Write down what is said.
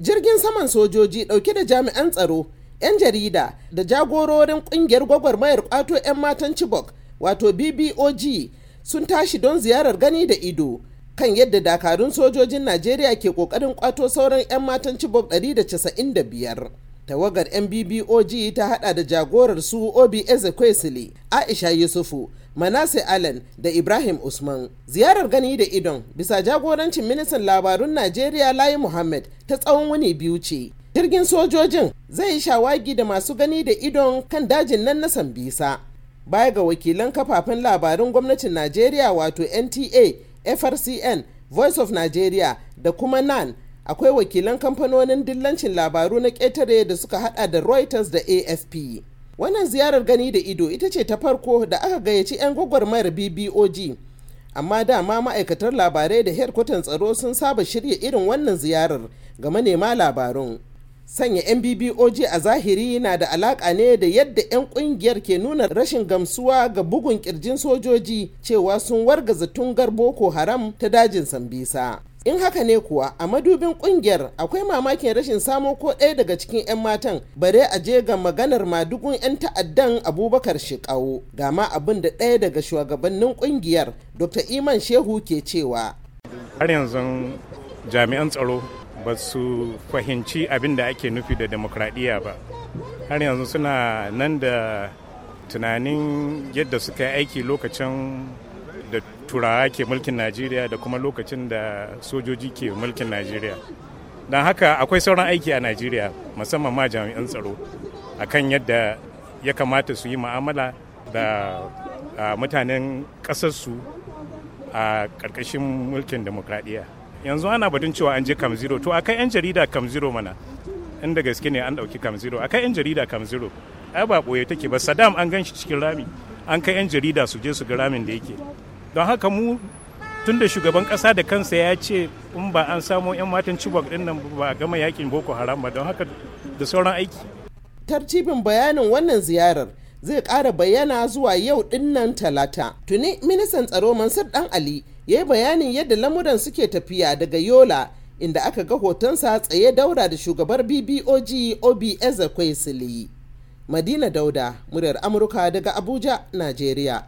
jirgin saman sojoji dauke da jami'an tsaro 'yan jarida da jagororin kungiyar gwagwarmayar kwato 'yan matan chibok wato bbog sun tashi don ziyarar gani da ido kan yadda dakarun sojojin najeriya ke kokarin kwato sauran 'yan matan chibok 195 tawagar mbbog ta hada da jagorar su obi ezekwesili aisha yusufu manase allen da ibrahim usman ziyarar gani da idon bisa jagorancin ministan labarun najeriya layi muhammad ta tsawon wani biyu ce jirgin sojojin zai yi shawagi da masu gani da idon kan dajin nan na sambisa baya ga wakilan kafafen labarun gwamnatin najeriya wato nta frcn voice of nigeria da kuma nan akwai wakilan kamfanonin dillancin labaru na ƙetare da suka hada da reuters da afp wannan ziyarar gani da ido ita ce ta farko da aka gayyaci 'yan gwagwarmayar bbog amma dama ma'aikatar labarai da herkutan tsaro sun saba shirya irin wannan ziyarar ga manema labarun sanya 'yan bbog a zahiri na da alaƙa ne da yadda 'yan ƙungiyar ke nuna rashin gamsuwa ga bugun ƙirjin sojoji cewa sun wargaza tungar boko haram ta dajin sambisa in haka ne kuwa a madubin kungiyar akwai mamakin rashin samo ko ɗaya daga cikin 'yan matan bare a je ga maganar madugun 'yan ta'addan abubakar shekawo gama ma abin da ɗaya daga shugabannin kungiyar dr iman shehu ke cewa har yanzu jami'an tsaro ba su fahimci abin da ake nufi da demokradiyya ba har yanzu suna nan da tunanin yadda suka yi aiki lokacin da turawa ke mulkin najeriya da kuma lokacin da sojoji ke mulkin najeriya don haka akwai sauran aiki a najeriya musamman ma jami'an tsaro akan yadda ya kamata su yi ma'amala da mutanen kasarsu a ƙarƙashin mulkin demokradiyya yanzu ana batun cewa an je kam zero to akai yan jarida kam zero mana inda gaske ne an ɗauki kam zero akai yan jarida kam zero ai ba ɓoye take ba saddam an gan shi cikin rami an kai yan jarida su je su ga ramin da yake don haka mu tun da shugaban kasa da kansa ya ce in ba an samo 'yan matan cibok din nan ba gama yakin boko haram ba don haka da sauran aiki tartibin bayanin wannan ziyarar zai ƙara bayyana zuwa yau dinnan talata tuni ministan tsaro mansur dan ali ya yi bayanin yadda lamuran suke tafiya daga yola inda aka ga hotonsa tsaye daura da shugabar bbog obi ezekwesili madina dauda muryar amurka daga abuja najeriya